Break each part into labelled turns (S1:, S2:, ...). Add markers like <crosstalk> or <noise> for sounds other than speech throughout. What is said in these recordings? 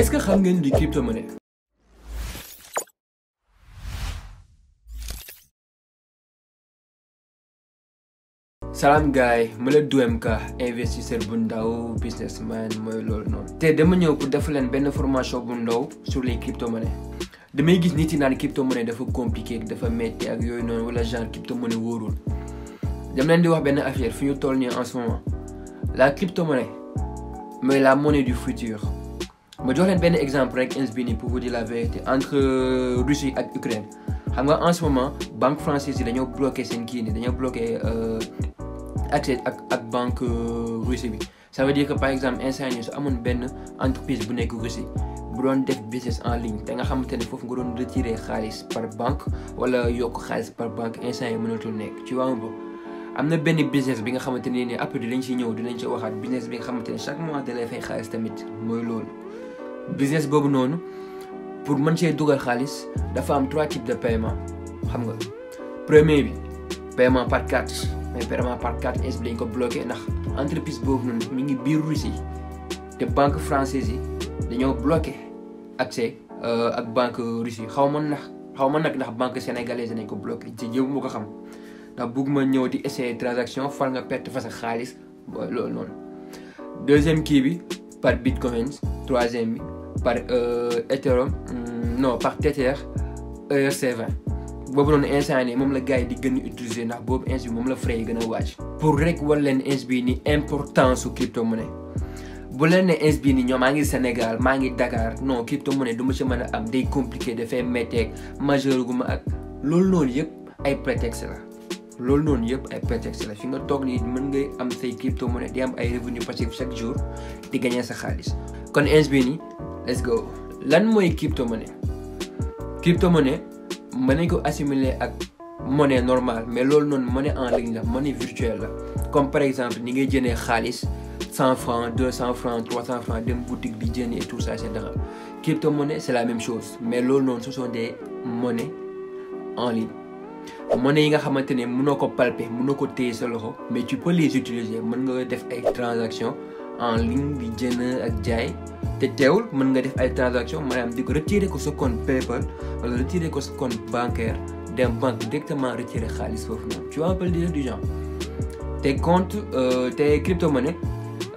S1: est-ce que xam ngeen luy crypto-monnaie salaam gaay ma la DMK investisseur bu ndaw businessman mooy loolu noonu te dama ñëw pour def leen benn formation bu ndaw sur les crypto damay gis nit yi naan crypto dafa compliqué dafa metti ak yooyu noonu wala genre crypto wóorul dama leen di wax benn affaire fi ñu toll nii en ce moment la mooy la monnaie du futur ma jox leen benn exemple rek ins bi nii pour vous dire la vérité entre euh, Russie ak Ukraine xam nga en ce moment banque française yi dañoo bloqué seen kii nii dañoo bloqué euh, accès ak ak banque euh, Russie bi ça veut dire que par exemple instant nii su amoon benn entreprise bu nekk Russie bu doon def business en ligne te nga xamante ne foofu nga doon retirer xaalis par banque wala yokk xaalis par banque instant yi mënatul nekk tu vois am na benn business bi nga xamante ne nii après dinañ ci ñëw dinañ waxaat business bi nga xamante ne chaque mois da tamit mooy loolu business boobu noonu pour man cee dugal xaalis dafa am trois types de paiement xam nga premier bi paiement par carte mais paiement par carte est dañ ko bloqué ndax entreprise boobu noonu mi ngi biir Russie te banque française yi dañoo bloqué accès euh, ak banque Russie xaw ma ndax xaw ma nag ndax banque sénégalaise nañ ko bloqué ci yëpp mu ko xam ndax bugguma ñëw di essayer transaction far nga perte fa sa xaalis loolu noonu deuxième kii bi par bitcoins troisième bi par euh, Ethereum mm, non par Tether ERC20 boobu noonu instant nii moom la gars yi di gën a utiliser ndax boobu instance bi moom la frais yi gën a wàcc. pour rek war leen instance bii ni importance su crypto monnaie bu leen ne instance bi nii ñoom maa ngi Sénégal maa ngi Dakar non crypto monnaie du ma ci mën a am day compliqué dafay métteeg majeur gu ma ak loolu noonu yëpp ay prétexte la. loolu noonu yëpp ay prétexte la fi nga toog nii mën ngay am say crypto monnaie di am ay revenu passif di gagner sa let's go lan mooy cryptomonnaie cryptomonnaie mën nañ ko assimiler ak monnaie normal mais loolu noonu monnaie en ligne la monnaie virtuelle la comme par exemple ni ngay jëndee xaalis cent francs deux cent francs trois cent francs dem boutique bi jënd et tout ça et cetera cryptomonnaie c'est la même chose mais loolu noonu ce sont des monnaies en ligne monnaie yi nga xamante ne mënoo ko mun mënoo ko téye sa loxo mais ci peux les utiliser mën nga def ay transactions en uh, ligne di jënd ak jaay te teewul mën nga def ay transaction maanaam di ko retirer ko sa compte PayPal wala retirer ko sa kon bancaire dem banque directement retirer xaalis foofu noonu tu vois un peu l'idée du genre tes comptes euh, tes crypto-monnaies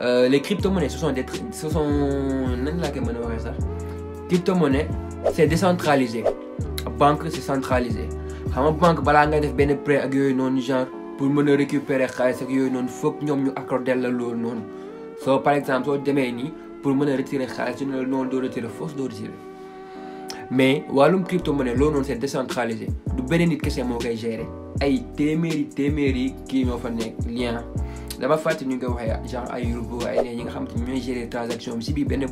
S1: euh, les crypto-monnaies ce sont des ce sont nan laa koy mën a waxee sax crypto-monnaie c'est décentralisé banque c'est centralisé xam nga banque balaa nga def benn prêt ak yooyu noonu genre pour mën a récupérer xaalis ak yooyu noonu foog ñoom ñu accordé la loolu noonu soo par exemple soo demee nii pour mën a retirer xaalis ñu ne la noonu doo retirer fausse doo retirer mais wàllum crypto monnaie loolu noonu c'est décentralisé du benn nit kese moo koy gérer ay téeméeri téeméeri kii ñoo fa nekk lien dama fàtte ñu ngi koy waxee genre ay robot ay ne ñi nga xam te ñooy gérer transaction bi si biir benn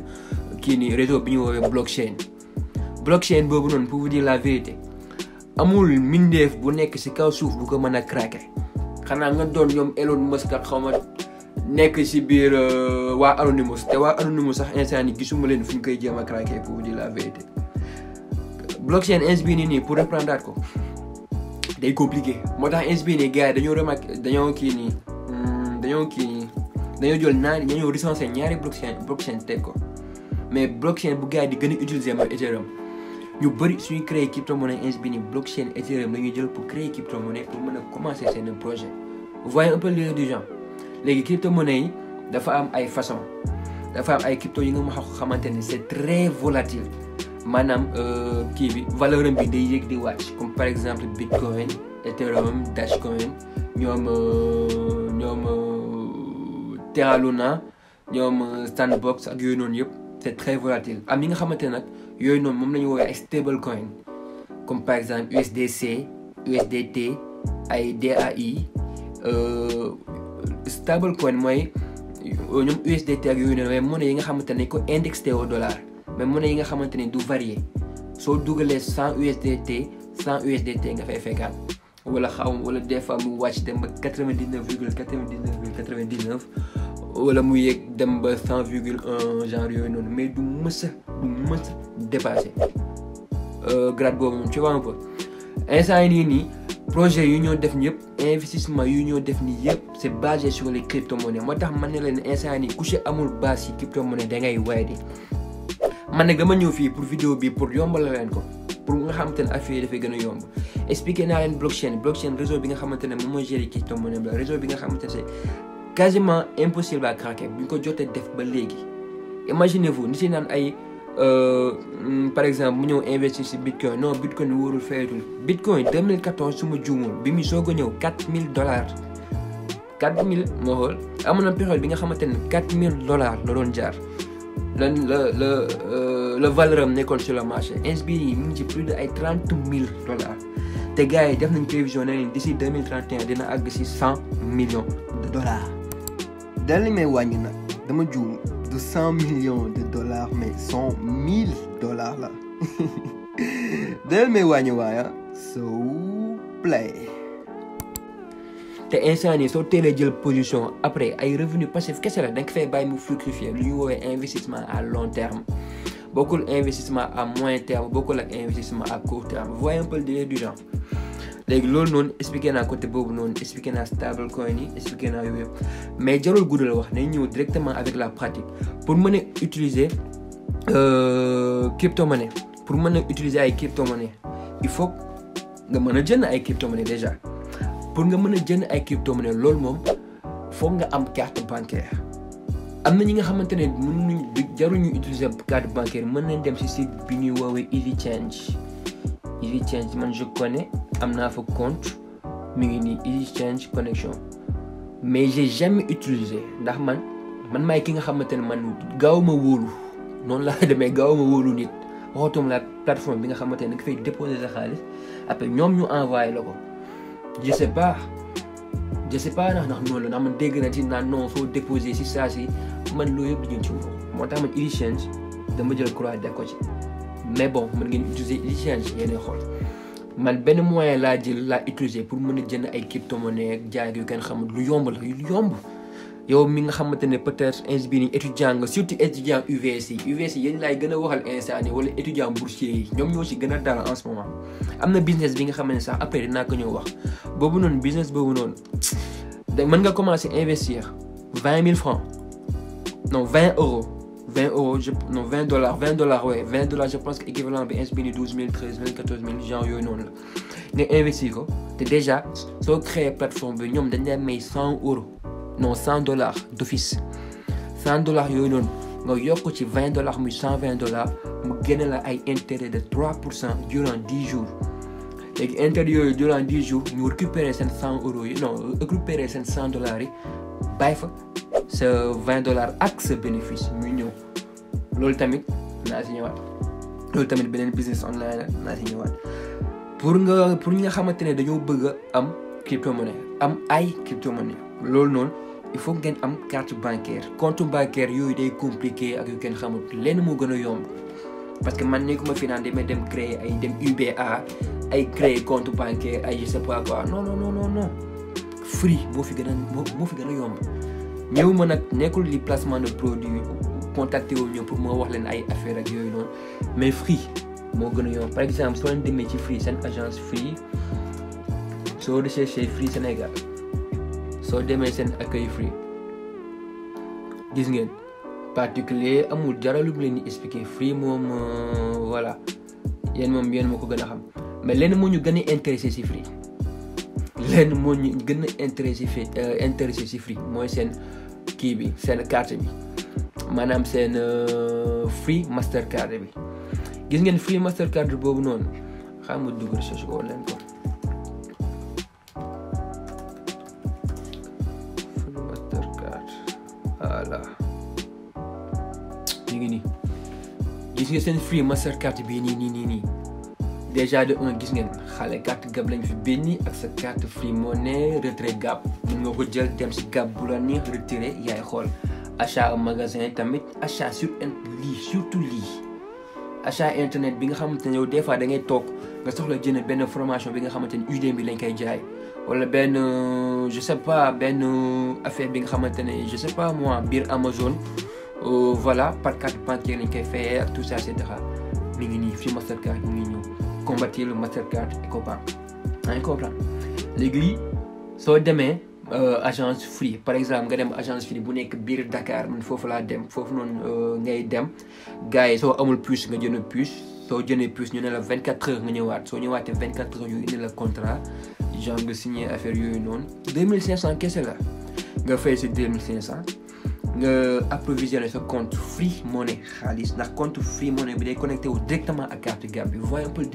S1: kii nii réseau bi ñu woowee blockchain blockchain boobu noonu pour vous dire la vérité amul mbindeef bu nekk si kaw suuf bu ko mën a craquer xanaa nga doon ñoom Elon xaw ma nekk si biir euh, waa Anonymous te waa Anonymous sax instant yi gisuma leen fu ñu koy jéem a craquer pour vous la vérité blockchain ins bii nii nii pour reprendre ko day compliqué moo tax ins bii nii gars yi dañoo remarqué dañoo kii nii hmm, dañoo kii nii dañoo jël ñaari dañoo recensé ñaari blockchain blockchain teg ko mais blockchain bu gars yi di gën a utiliser mooy ñu bëri suñu créer cryptomonnaie ins bii nii blockchain Ethereum la ñuy jël pour pour mën commencer seen projet vous voyez un du genre léegi crypto-monnaie yi dafa am ay façon dafa am ay crypto yi nga ma xamante ne c'est très volatile maanaam euh, kii bi valeur am bi day yéeg di wàcc comme par exemple bitcoin ethereum dashcoin ñoom euh, ñoom euh, Terra Luna ñoom Sandbox ak yooyu noonu yëpp c'est très volatile am yi nga xamante nag yooyu noonu moom la ñu woowee ay stable coin comme par exemple USDC USDT ay DAI stable coin mooy ñoom USDT ak yooyu noonu mais monnaie yi nga xamante ne ko indexé au dollar mais monnaie yi nga xamante ne du varier soo dugalee 100 USDT 100 USDT nga fay fekkaat wala xaw wala des fois mu wàcc dem ba 99 virgule 99 virgule 99 wala mu yéeg dem ba 100 virgule 1 genre yooyu noonu mais du mës a du mës a dépassé euh, grade boobu moom tu vois un instant yii nii. projet yu ñoo def ni yëpp investissement yu ñoo def ni yëpp c' est basé sur les crypto monnaies moo tax man ne leen instant ni amul base yi crypto monnaie da man ne dama ñëw fii pour vidéo bi pour yombal leen ko pour nga xamante ne affaire yi dafay gën a yomb expliqué naa leen blockchain blockchain réseau bi nga xamante ne moom mooy gérer crypto monnaie la réseau bi nga xamante ne quasiment impossible à craquer bu ñu ko jotee def ba léegi imaginez vous ni si ay Euh, par exemple mu ñëw investir si bitcoin non bitcoin wóorul fayatul bitcoin 2014 su ma juumul bi muy soog a ñëw 4000 dollars 4000 moo xool am na période bi nga xamante ne 4000 dollars la doon jaar lan la la euh, la valeur am nekkoon sur le marché ins bi yi mu ngi ci plus de ay 30 000 dollars te gars yi def nañ prévision ne leen d'ici 2031 dina àgg si 100 millions de dollars. daal li may wàññi nag dama juum. de 100 millions de dollars, mais 100 000 dollars là. <laughs> del mi wàññi waaya ah. soo play te instant soo teelee jël position après ay revenu passif kese la da nga fay bàyyi mu fructifier lu ñu woowee investissement à long terme bokkul investissement à moyen terme bokkul ak investissement à court terme voyez un peu le délai du léegi loolu noonu expliqué naa côté boobu noonu expliqué naa stable coin yi expliqué naa yooyu mais jarul guddal wax nañ ñëw directement avec la pratique pour mën a utiliser euh, crypto monnaie pour mën a utiliser ay crypto monnaie il faut nga mën a jënd ay crypto monnaie déjà pour nga mën a jënd ay crypto monnaie loolu moom foog nga am carte bancaire am na ñi nga xamante ne mënuñu ñu utiliser carte bancaire mën nañ dem si site bi ñuy woowee Easy Change. easy change man je connais am naa fa compte mu ngi nii easy change connexion mais j'ai jamais utilisé ndax man man maay ki nga xamante ne man gaawuma wóolu noonu laa <laughs> demee gaawuma wóolu nit waxatuma la plateforme bi nga xamante ne nga fay déposer sa xaalis après ñoom ñu envoyé la ko je sais pas je sais pas ndax ndax noonu la ndax man dégg na ci naan non foo déposer si saa si man loolu yëpp di ñu ci moo tax man easy change dama jël croix def ko mais bon mën ngeen utiliser li change yéen xool man benn moyen laa jël laa utiliser pour mën a jënd ay cryptomonnaie ak jaay yu kenn xamul lu yomb la lu yomb yow mi nga xamante ne peut-être ins bi ni étudiant nga surtout étudiant UVS yi UVS yi yéen laay gën a waxal instant wala étudiant boursier yi ñoom ñoo si gën a dara en ce moment am na business bi nga xamante ne sax après dinaa ko ñëw wax boobu noonu business boobu noonu mën nga commencer investir vingt mille francs non vingt euros 20 euros je non 20 dollars 20 dollars waaye 20 je pense que équivalent bi ins bi ni 12 000 13 000 14 000 genre yooyu la nga investir ko te déjà soo créé plateforme bi ñoom dañ lay may 100 euros non 100 dollars d'office 100 dollars yooyu noonu nga yokk ci 20 dollars muy 120 dollars mu génne la ay intérêt de 3 pour cent durant 10 jours léegi intérêt yooyu durant 10 jours ñu récupérer seen 100 euros yi non récupérer seen 100 dollars yi bàyyi fa. sa vingt dollars ak sa bénéfice muy ñëw loolu tamit naa si ñëwaat loolu tamit beneen business online la naa si ñëwaat pour nga pour ñi nga xamante ne dañoo bëgg am am cryptomonnaie am ay cryptomonnaie loolu noonu il faut ngeen am carte bancaire compte bancaire yooyu day compliqué ak yu kenn xamul lenn moo gën a yomb parce que man nekkuma fi naan damay dem créer ay dem UBA ay créer compte bancaire ay je sais pas quoi non non non fi gën a moo fi gën a yomb ñëw ma nag nekkul li placement de produit contacté wu ñoom pour moo wax leen ay affaire ak yooyu noonu mais Free moo gën a yomb par exemple soo leen demee ci Free seen agence Free soo recherché Free Sénégal soo demee seen accueil Free gis ngeen particulier amul jaralum leen di expliquer Free moom euh, voilà yéen moom yéen moo ko gën a xam mais leen moo ñu gën a intéressé si Free lenn moo ñu gën a intéressé fi euh, intéressé mooy seen kii bi seen carte bi maanaam seen euh, free master card bi gis ngeen free master card boobu noonu xam nga dugg recherche ko leen ko free master card voilà ñu ngi ni gis nga seen free master card bii nii nii nii nii déjà de un gis ngeen xale carte gab lañ fi benni ak sa carte free money retrait gab mën nga ko jël dem si gab bu la neex retiré yaay xool achat magasin tamit achat sur surtout lii achat internet bi nga xamante ne yow des fois da ngay toog nga soxla ne benn formation bi nga xamante ne UDM bi lañ koy jaay wala benn je sais pas benn affaire bi nga xamante ne je sais pas moi biir Amazon euh, voilà par carte bancaire lañ koy fayee ak tout ça et cetera mi nii combattir le Mastercard Ecobank yaa ngi comprendre léegi soo demee euh, agence Free par exemple nga dem agence Free bu nekk biir dakaar man foofu laa dem foofu noonu euh, ngay dem gars yi soo amul puce nga jënd puce soo jëndee puce ñu ne la 24 heures nga ñëwaat soo ñëwaatee 24 heures yooyu indi la contrat genre nga signé affaire yooyu noonu 2500 kese la nga fay si 2500. nga euh, approvisionner sa compte free money xaalis ndax compte free money bi de connecté wu directement ak carte Gambie bi voyez un peu le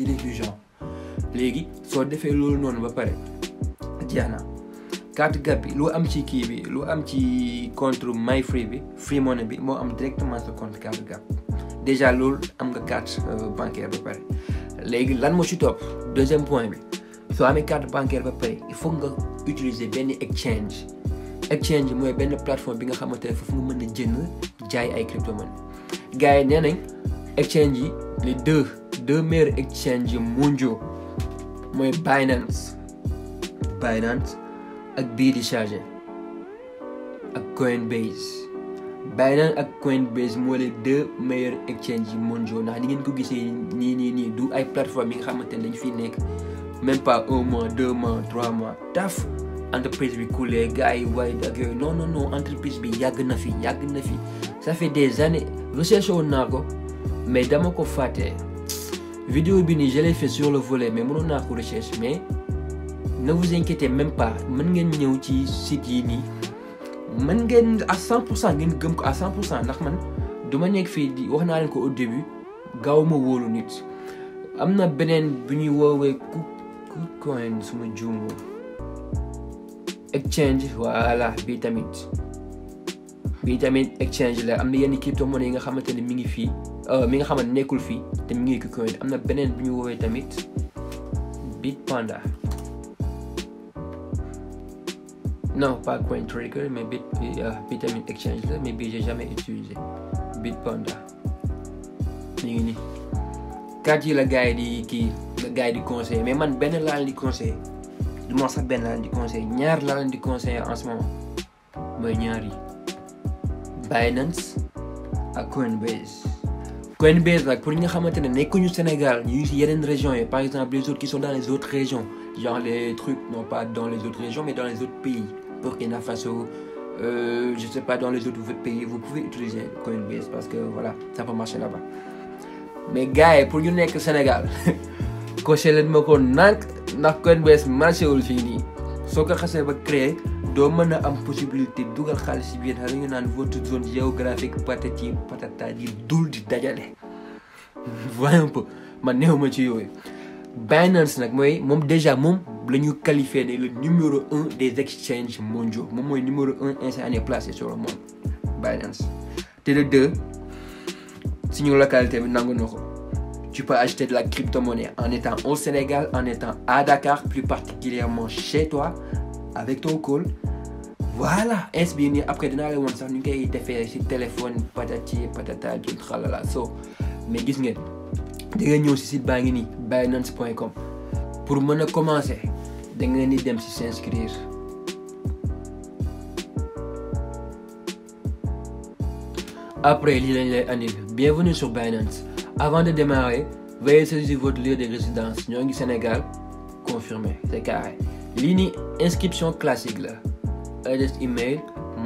S1: léegi soo defee loolu noonu ba pare jeex na carte Gambie bi lu am ci kii bi lu am ci compte my free bi free money bi moo am directement sa compte carte Gambie déjà loolu am nga carte euh, bancaire ba pare léegi lan moo ci topp deuxième point bi soo amee carte bancaire ba pare il faut nga utiliser benn exchange exchange mooy benn plateforme bi nga xamante ne foofu nga mën a jënd jaay ay cryptomonnaies gars yi yi les deux deux meilleurs exchange mondiaux mooy ak bii di ak Coinbase Binance ak Coinbase moo les deux meilleurs exchange mondiaux ndax ngeen ko gisee nii nii nii du ay plateforme yi nga xamante ne dañu fi nekk même pas un mois deux mois trois mois taf entreprise bi couler gars yi waaye ak yooyu non entreprise bi yàgg na fi yàgg na fi ça fait des années recherche woon naa ko mais dama ko fàtte. vidéo bi nii je l'ai fait sur le volet mais mënoon naa ko recherche mais ne vous inquiétez même pas mën ngeen ñëw ci site yi nii mën ngeen à san ngeen gëm ko à san ndax man du ma nekk fii di wax naa leen ko au début gaaw ma woolu nit am na beneen bu ñuy woowee ku coin suma juumoo exchange voilà bii tamit bii tamit exchange la am na yenn crypto monnaie yi nga xamante ne mi ngi fii euh, mi nga xamante nekkul fii te mi ngi Bitcoin am na beneen bu ñu woowee tamit Bitpanda non pas CoinTracker mais Bit bii euh, tamit exchange la yi la gars di kii la gars di conseillé mais man benn laa di conseillé. du ma sax benn laa leen di conseil ñaar laa leen di conseil en ce moment mooy ñaar yi Binance ak Coinbase. Coinbase nag pour ñi nga xamante ne nekkuñu Sénégal ñu ngi si yi par exemple les autres qui sont dans les autres régions genre les trucs non pas dans les autres régions mais dans les autres pays Burkina Faso euh, je sais pas dans les autres pays vous pouvez utiliser Coinbase parce que voilà ça peut marcher là-bas mais gars pour ñu nekk Sénégal <laughs> coché leen ma ko nànk ndax Coin Base marché wul fii nii soo ko xasee ba créé doo mën a am possibilité dugal xaalis si biir xale ñu naan votre zone géographique patati patata di dul di dajale. <laughs> voyons un peu man néew ma ci yooyu Binance nag mooy moom déjà moom la ñu qualifié ne le numéro un des exchanges mondiaux moom mooy numéro un instant est placé sur le monde te le deux suñu localité bi nangu na ko. tu peux acheter de la crypto-monnaie en étant au Sénégal, en étant à Dakar, plus particulièrement chez toi, avec ton call. Voilà, ins bii nii après dinaa la woon sax ñu koy defee si téléphone patati patata jun tralala so mais gis ngeen da ngeen ni si site baa ngi pour mën a commencer da ngeen di dem si s'inscrire après lii lañ bienvenue sur Binance Avant de démarrer, veuillez saisir votre lieu de résidence ñoo ngi Sénégal confirmé c'est carré lii nii inscription classique la adresse email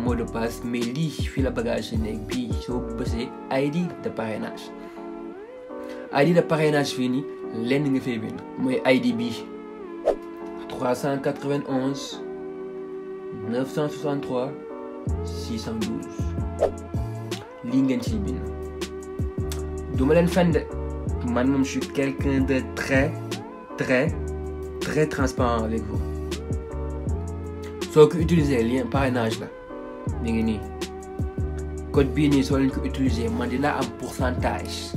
S1: mot de mais lii fii la bagage si nekk bii soo bësee ID de parrainage ID de parrainage fii nii nga fay mooy ID bii 391 963 612 lu ma leen fen de man moom su suis quelqu'un de très très très transparent avec vous soo ko utiliser lien parrainage la mi ngi nii code bii nii soo leen ko utiliser man am pourcentage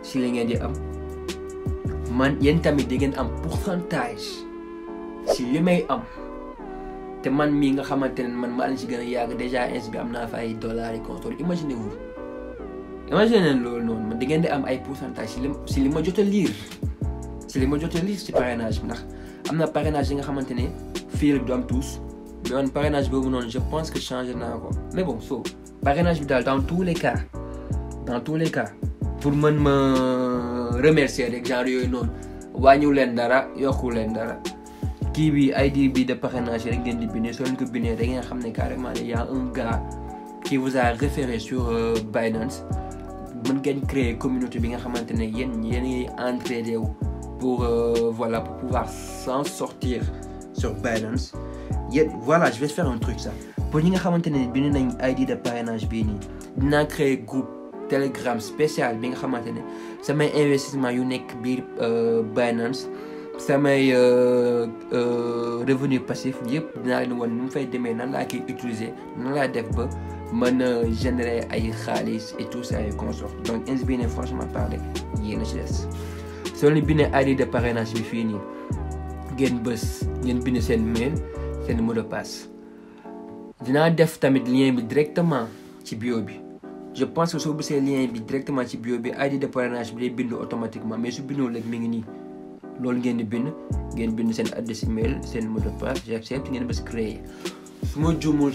S1: si li ngeen di am man yéen tamit di am pourcentage si li may am te man mii nga xamante ne man ma leen si gën a yàgg déjà ins bi am naa fa ay dollars yi consoles imaginez-vous imagine leen loolu noonu di ngeen di am ay pourcentage si li li ma jot a liir si li ma jot a liir si parrainage bi ndax am na parrainage yi nga xamante ne fii rek du am tous mais man parrainage boobu noonu je pense que changé naa ko mais bon so parrainage bi daal dans tous les cas dans tous les cas pour mën ma remercier rek genre yooyu noon wàññiw leen dara yokku leen dara kii bi ID bi de parrainage rek ngeen di bindee soo leen ko bindee da ngeen xam ne carrément li y a un gars qui vous a référé sur euh, Binance mën ngeen créer communauté bi nga xamante ne yéen yéen ngi entrainé wu pour euh, voilà pour pouvoir s'en sortir sur Binance yéen voilà je vais faire un truc ça pour ñi nga xamante ne bind nañ ID de parrainage bii nii dinaa créer groupe Telegram spécial bi nga xamante ne samay investissement yu nekk biir euh, Binance samay euh, euh, revenu passif yëpp dinaa leen wan nu mu fay demee nan laa koy utiliser nan def ba mën a générer ay xaalis et tout ça et consort donc ins bi ne franchement parler yéen a ne des soo leen bindee ID de parrainage bi fii nii ngeen bës ngeen bind seen mail seen mot de dinaa def tamit lien bi directement ci bio bi je pense que soo bësee lien bi directement ci bio bi ID de parrainage bi day bind automatiquement mais su bindoo rek mi ngi nii loolu ngeen di bind ngeen bind seen adresse mail seen mot de passe j'accepte ngeen bës créer su ma juumul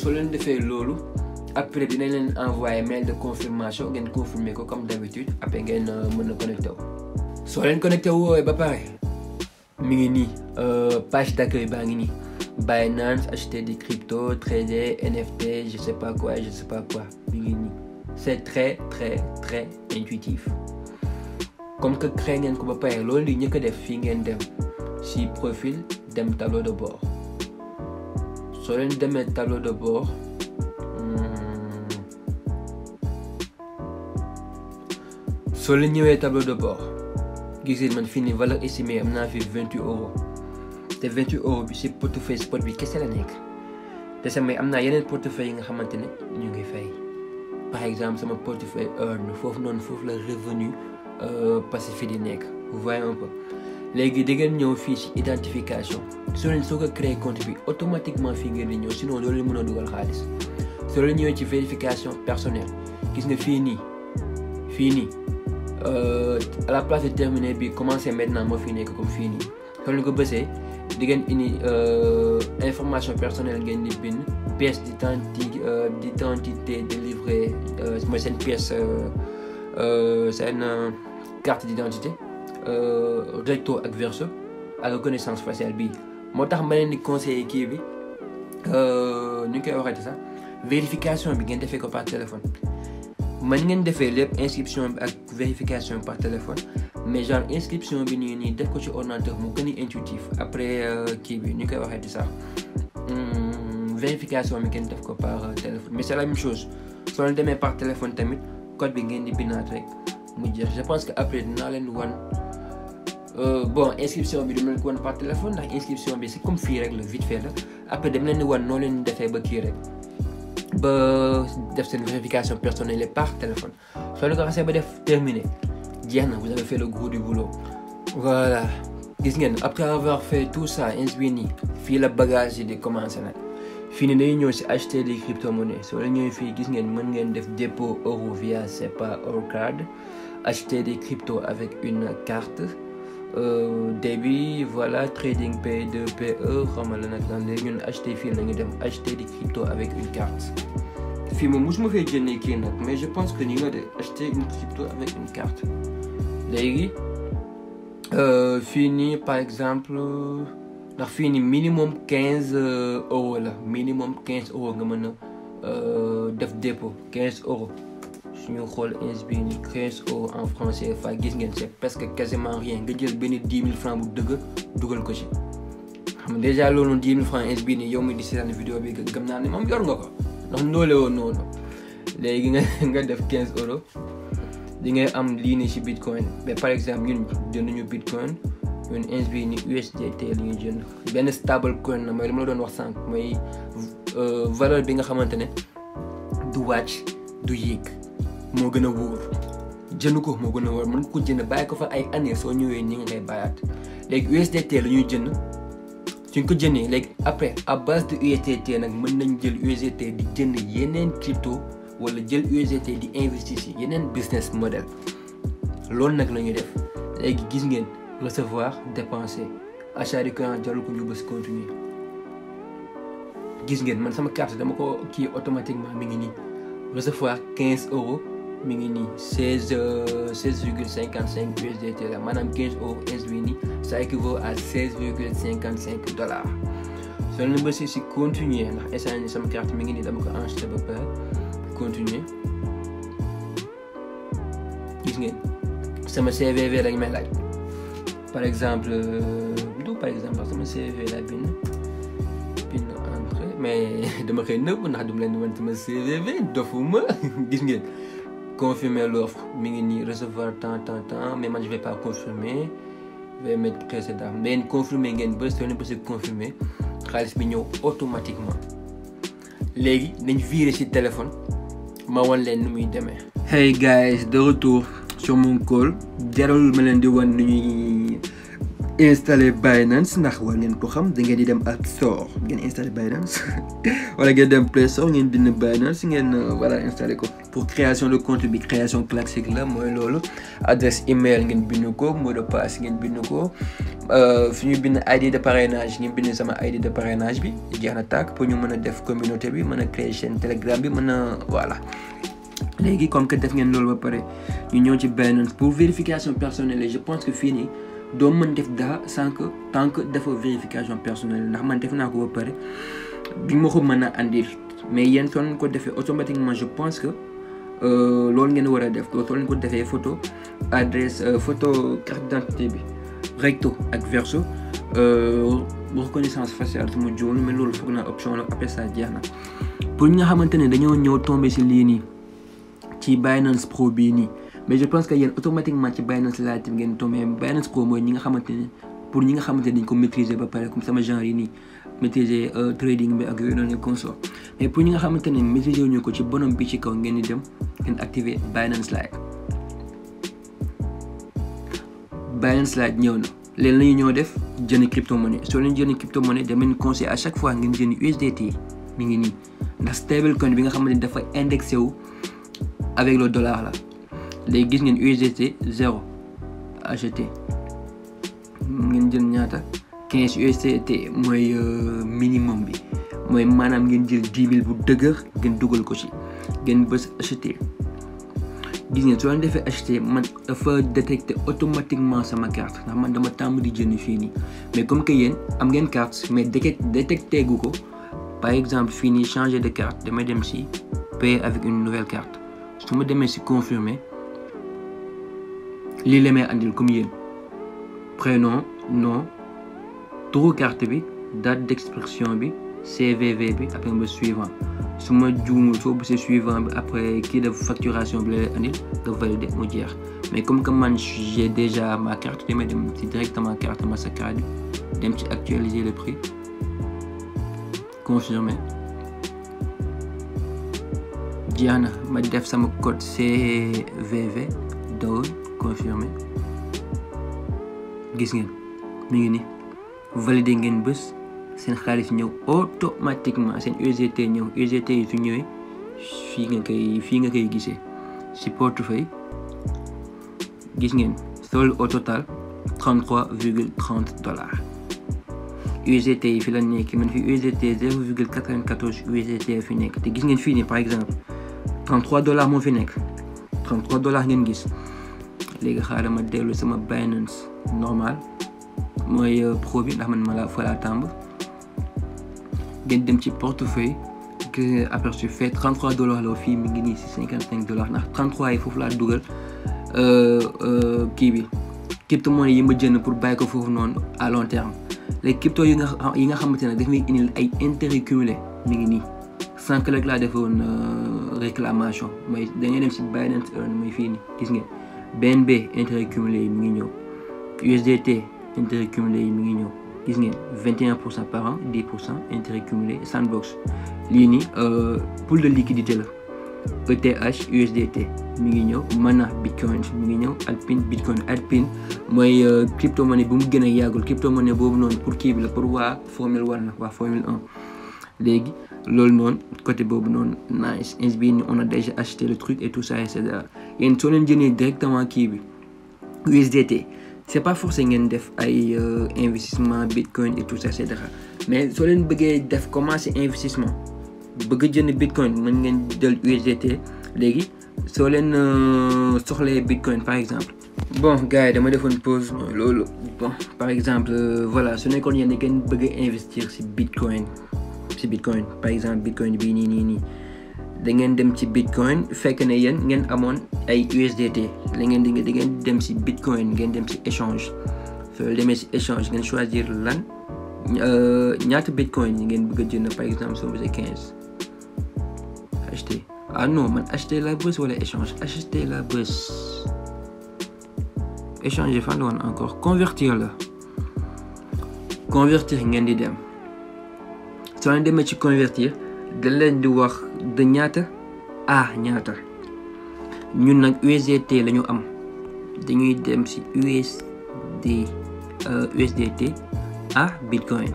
S1: après dinañ leen envoyé mail de confirmation ngeen confirmer ko comme d'habitude après ngeen euh, mën a connecté wu. soo leen connecté wu ba pare mu ngi nii euh, page d'accueil baa ngi nii Binance acheter des cryptos trader NFT je sais pas quoi je sais pas quoi mi ngi nii c'est très très très intuitif. comme que créé ngeen ko ba pare loolu di ñëkk a def fii ngeen dem si profil dem tableau de bord soo leen demee tableau de bord. soo leen ñëwee tableau de bord gis man fii nii valeur estimée am naa fi 28 euros te 28 euros bi si portefeuille spot bi kese la nekk te samay am naa yeneen portefeuille yi nga xamante ne ñu ngi fay par exemple sama portefeuille earn foofu noonu foofu la revenu euh, passif di nekk vous voyez un léegi da ngeen ñëw fii si identification soo soo ko créé compte bi automatiquement fii ngeen di ñëw sinon loolu leen mën a dugal xaalis soo ñëwee ci vérification personnelle gis nga fii nii fii nii Euh, à la place de terminer bi commencer maintenant moo fi nekk comme fii nii soo leen ko bësee di ngeen indi euh, information personnelle ngeen di bind pièce euh, d'identité délivrée mooy seen pièce seen carte d'identité recto ak verso ak reconnaissance faciale bi moo tax ma leen di conseiller kii bi ñu ngi koy waxeeti sax vérification bi ngeen defee ko par téléphone man ngeen defee lépp inscription bi ak vérification par téléphone mais genre inscription bi nii nii def ko ci ordinateur mu gën a intuitif après euh, kii bi ñu koy waxee di sax hmm, vérification bi ngeen def ko par euh, téléphone mais c'est la même chose soo leen demee par téléphone tamit code bi ngeen ni binaat rek mu jeex je pense que après naa leen wan euh, bon inscription bi dama leen ko wan par téléphone ndax inscription bi c'est comme fii rek la vite fait la après dama leen wan noo leen defee ba kii rek. ba def seen vérification personnelle par téléphone soo leen ko xasee ba def terminé jeex na vous avez fait le gros du boulot voilà gis ngeen après avoir fait tout ça ainsi bi nii fii la bagage yi di commencé fi fii nii dañuy ñëw si acheter des crypto-monnaies soo leen ñëwee fii gis ngeen mën ngeen def dépôt euro via SEPA Eurocard acheter des cryptos avec une carte. Euh, début voilà trading P2 PE xamal la nag lan léegi ñun acheter fii nañu dem acheter di crypto avec une carte fii moom mosuma fee jëndee kii nag mais je pense que ni nga de acheter une crypto avec une carte léegi euh, fii nii par exemple ndax fii nii minimum quinze euh, euros la minimum quinze nga mën a def dépôt quinze euros. suñu xool ins bi ni quinze euros en franc CFA gis ngeen c'est presque quasiment rien nga jël benn dix mille franc bu dëgg dugal ko ci. xam nga dèjà loolu dix bii nii yow mi di seetaan vidéo bi gëm naa ne moom yor nga ko ndax ndoole woon noonu léegi nga <laughs> nga def quinze euros di ngay am lii nii ci bitcoin mais par exemple ñun jënduñu bitcoin. ñun ins bi ni USDT la ñuy jënd benn stable coin na mooy li ma la doon wax sànq mooy euh, valeur bi nga xamante ne du wàcc du yéeg moo gën a wóor jënd ko moo gën a wóor mën ko jënd bàyyi ko fa ay années soo ñëwee nii nga koy bàyyaat léegi USDT la ñuy jënd suñ ko jëndee léegi après à base de USDT nag mën nañu jël USDT di jënd yeneen crypto wala jël USDT di investir si yeneen business model loolu nag la ñuy def léegi gis ngeen recevoir dépenser achat récurrent jarul ko ñu si continuer gis ngeen man sama carte dama ko kii automatiquement mi ngi nii recevoir quinze euros. mi ngi nii seize seize virgule cinq USDT maanaam quinze euros SB équivaut à seize virgule cinquante cinq dollars soo leen si continuer ndax instant ni sama carte mi ngi nii dama ko enregistré ba pare continuer gis ngeen sama CVV lañ may laaj par exemple du par exemple sama CVV la bind bind entrée mais <laughs> dama koy nëbb ndax duma leen wan sama CVV dofuma <laughs> gis ngeen confirmer l'offre mi ngi nii recevoir tant tant tant mais man je vais pas confirmer je vais mettre précédent ngeen ba soo leen bësee confirmer xaalis bi ñëw automatiquement léegi nañ viré si téléphone ma wan leen nu muy demee. hey guys de retour sur mon call jarul ma leen di wan nu ñuy. installé Binance ndax war ngeen ko xam da ngeen di dem App Store ngeen installé Binance <laughs> wala ngeen dem Play Store ngeen bind Binance ngeen euh, voilà installé ko pour création de compte bi création classique la mooy loolu adresse email ngeen bind ko mot de passe ngeen bind ko euh, fi ñu bind ID de parrainage ngeen bind sama ID de parrainage bi jeex na tàkk pour ñu mën a def communauté bi mën a créer chaîne Telegram bi mën a voilà. léegi comme que def ngeen loolu ba pare ñu ñëw ci Binance pour vérification personnelle je pense que fii nii. doo man def dara sans que tant que dafa vérification personnelle ndax man def naa ko ba pare bi ma ko mën a andil mais yéen soo leen ko defee automatiquement je pense que euh, loolu ngeen war a def soo leen ko defee photo adresse euh, photo carte bi recto ak verso euh, reconnaissance faciale su ma juumlu mais loolu foog naa option la après ça jeex na pour ñi nga xamante ne dañoo ñëw tombé si lii nii ci Binance Pro bii nii. mais je pense que yéen automatiquement ci Binance Lative ngeen tombé Binance nga xamante ne pour ñi nga xamante ne dañ ko maîtriser ba pare comme sama genre yi nii maîtriser euh, trading bi ak yooyu noonu consort mais pour ñi nga xamante ne maîtriser ko ci bonhomme bi ci kaw ngeen di dem ngeen activer Binance Lite Binance Lite ñëw na leen la ñu ñëw def jënd crypto monnaie soo leen jënd crypto monnaie dama leen conseil à chaque fois ngeen jënd USDT mi ngi nii ndax stable coin bi nga xamante ne dafa indexé wu avec le dollar la léegi gis ngeen USDT 0 acheté ngeen jël ñaata 15 USDT mooy euh, minimum bi mooy maanaam ngeen jël 10 000 bu dëgër ngeen dugal ko ci ngeen bës acheté gis ngeen soo defee acheté man dafa détecté automatiquement sama carte ndax man dama tàmbali jën fii nii mais comme que yéen am ngeen carte mais détecté gu ko par exemple fii nii changer de carte damay dem si payer avec une nouvelle carte su ma demee si confirmer lii la may andil comme yéen prénom nom turu carte bi date d'expression bi CVV bi après nga suivant su ma juumul soo bësee suivant bi après kii def facturation bi la lay andil nga validé mu jeex mais comme que man j'ai déjà ma carte damay dem ci directement carte Mastercard bi dem ci actualiser le prix confirmer jeex na ma def sama code CVV dawul confirmé gis ngeen mu ngi ni validé ngeen bés seen xaalis ñëw automatiquement seen UGT ñëw UGT yi su fii nga koy fii nga koy gisee si gis ngeen sol au total 33 virgule 30 dollars UGT yi fi la nekk man fi UGT 0 fi nekk te gis ngeen fii ni par exemple 33 dollars moo fi nekk 33 dollars ngeen gis léegi xaaral ma dellu sama Binance normal mooy euh, pro bi ndax man ma la fa tàmb ngeen dem ci portefeuille que aperçu fait 33 dollars la fii mi ngi nii si 55 dollars foofu laa dugal euh, euh, kii bi crypto-monnaie yi ma jënd pour bàyyi ko foofu noonu à long terme les crypto yi nga yi nga xamante ne daf may indil ay intérêt cumulé mi ngi nii sànq rek laa defoon réclamation mooy da ngay dem si Binance Earn mooy fii nii gis ngeen. BNB intérêt cumulé yi mi ngi ñëw USDT intérêt cumulé yi mi ngi ñëw gis ngeen 21 pour cent par an 10 pour cent intérêt cumulé Sandbox lii nii euh, pool de liquidité la ETH USDT mi ngi ñëw Mana Bitcoin mu ngi ñëw Alpine Bitcoin Alpine mooy euh, crypto monnaie bu mu gën a yàggul crypto monnaie boobu noonu pour kii bi la pour waa formule one la waa formule 1 léegi loolu noonu côté boobu noonu nice ins bi on a déjà acheté le truc et tout ça et cetera yéen soo leen jënee directement kii bi USDT c' est pas forcé ngeen def ay euh, investissement bitcoin et tout ça et mais soo leen bëggee def commencé investissement bëgg jënd bitcoin mën ngeen dël USDT léegi soo leen euh, soxlee bitcoin par exemple. bon gars yi dama defoon pause mooy loolu bon par exemple euh, voilà su nekkoon yéen ngeen bëgg investir si bitcoin si bitcoin par exemple bitcoin bii nii nii nii. da ngeen dem ci bitcoin fekk ne yéen ngeen amoon ay USDT la ngeen di di ngeen dem si bitcoin ngeen dem ci échange soo demee si échange ngeen choisir lan euh, ñaata bitcoin yi ngeen bëgg a jënd par exemple soo bëggee quinze acheter ah non la bës wala échange acheter la bës échanger fan la woon encore convertir la convertir ngeen di dem soo demee ci convertir da di wax. de ñaata a ñaata ñun nag USDT lañu ñu am dañuy dem si USD USDT euh, a bitcoin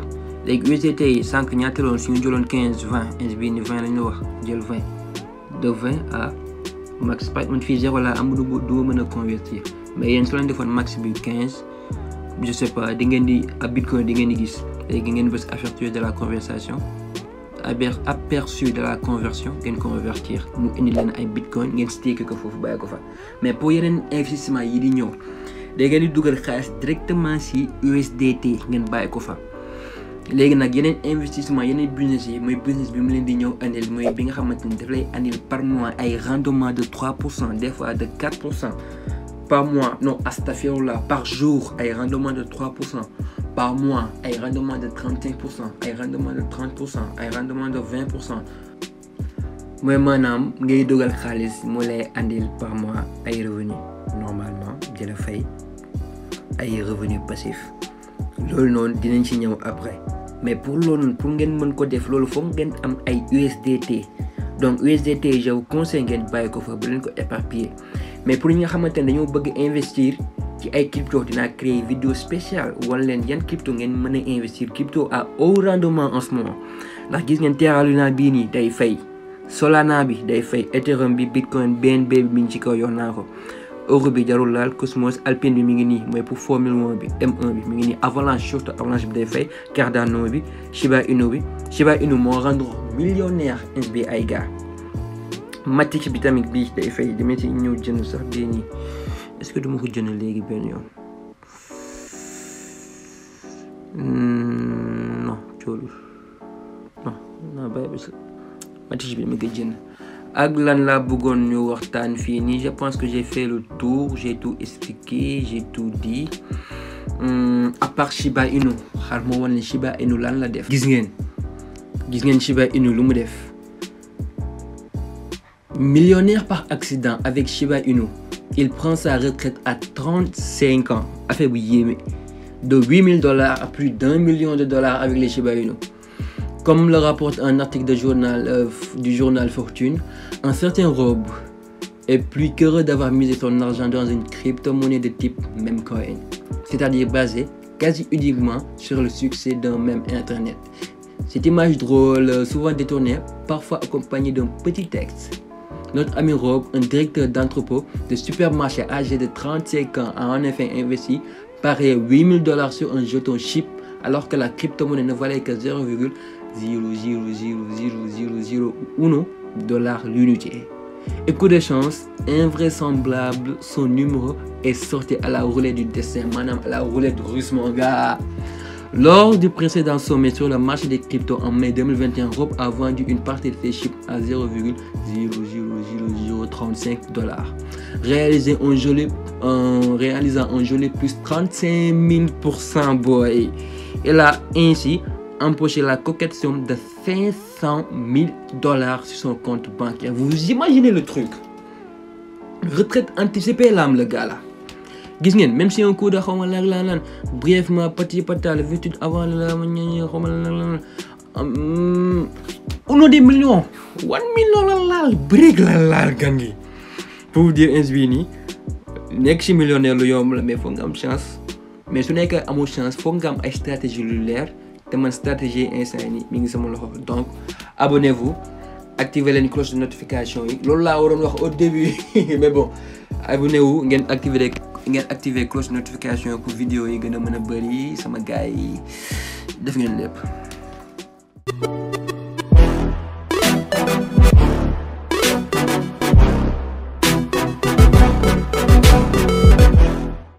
S1: léegi USDT yi sànq ñaata loon suñu jëloon quinze vingt ins bii ni vingt la ñu wax jël vingt de vingt à max par man fii zéro laa am du ma mën a convertir mais yéen su leen defoon max bi quinze je sais pas di ngeen di ab bitcoin di ngeen di gis léegi ngeen bës effectuer de la conversation aperçu de la conversion ngeen convertir mu indi leen ay bitcoin ngeen stake ko foofu bàyyi ko fa mais pour yeneen investissement yi di ñëw da ngeen di dugal xaalis directement si USDT ngeen bàyyi ko fa léegi nag yeneen investissement yeneen business yi mooy business bi mu leen di ñëw andil mooy bi nga xamante ni daf lay andil par mois ay rendement de 3 pour cent des fois de 4 pour cent par mois, non, Astafirola, par jour, ay un rendement de cent par mois, à un rendement de 35%, à un rendement de pour cent un rendement de 20%. mooy maanaam ngay dugal xaalis mu lay andil par mois ay revenu normalement di la fay ay revenu passif loolu noonu dinañ ci ñëw après mais pour loolu noonu pour ngeen mën ko def loolu foog ngeen am ay USDT donc USDT je vous conseille ngeen bàyyi ko fa bu leen ko éparpiller mais pour ñi nga xamante ne dañoo bëgg investir ci ay crypto dinaa créer vidéo spéciale wan leen yan crypto ngeen mën a investir crypto à haut rendement en ce ndax gis ngeen Terra naa bii nii day fay Solana bi day fay Ethereum bi Bitcoin BNB bi mi ngi ci kaw yoon naa ko euro bi jarul laal Cosmos Alpine bi mi ngi nii mooy pour Formule 1 bi m bi mu ngi nii Avalanche surtout Avalanche bi day fay Cardano bi Shiba Inu bi Shiba Inu moo rendre millionnaire SBI gars matic bi tamit bii day fay dama ñëw jënd sax bii nii est que du ma ko jënd léegi benn yoon hmm, non coolul non naa bàyyi ba sa matic bi dama koy jënd ak lan la bëggoon ñu waxtaan fii nii je pense que j'ai fait le tour j'ai tout expliqué j'ai tout dit hmm, à Shiba Inu xaar moo wan Shiba Inu lan la def gis ngeen gis ngeen Shiba Inu lu mu def Millionnaire par accident avec Shiba Inu, il prend sa retraite à 35 ans, affaire de 8000 dollars à plus d'un million de dollars avec les Shiba Inu. Comme le rapporte un article de journal, euh, du journal Fortune, un certain Rob est plus qu'heureux d'avoir misé son argent dans une crypto de type Memcoin, c'est-à-dire basée quasi uniquement sur le succès d'un même Internet. Cette image drôle, euh, souvent détournée, parfois accompagnée d'un petit texte, Notre ami Rob, un directeur d'entrepôt de supermarché âgé de 35 ans, a en effet investi pareil 8000 dollars sur un jeton chip alors que la crypto-monnaie ne valait que 0,0000001 dollars l'unité. Et coup de chance, invraisemblable, son numéro est sorti à la roulette du dessin, madame, à la roulette russe, mon gars. Lors du précédent sommet sur le marché des cryptos en mai 2021, Rob a vendu une partie de ses chips à 0,00035 dollars, réalisant un joli, euh, réalisant un joli plus 35 000 boy. Il a ainsi empoché la coquette somme de 500 000 dollars sur son compte bancaire. Vous imaginez le truc Retraite anticipée, l'âme, le gis ngeen même si un coup de xaw ma lan lan lan brièvement pati patal virtude avant la xaw ma lan lan uno des millions one million la laal break gan gi pour dire nekk si millionnaire lu yomb la mais foog nga am chance mais su nekkee amul chance foog nga am ay stratégie lu leer te man stratégie instant yi nii mi ngi sama loxo donc abonnez-vous leen cloche de notification yi loolu laa waroon wax au début mais bon abonnez ngeen activer ngeen activer cloche notification pour vidéo yi gën a mën a bëri sama gars yi def ngeen lépp.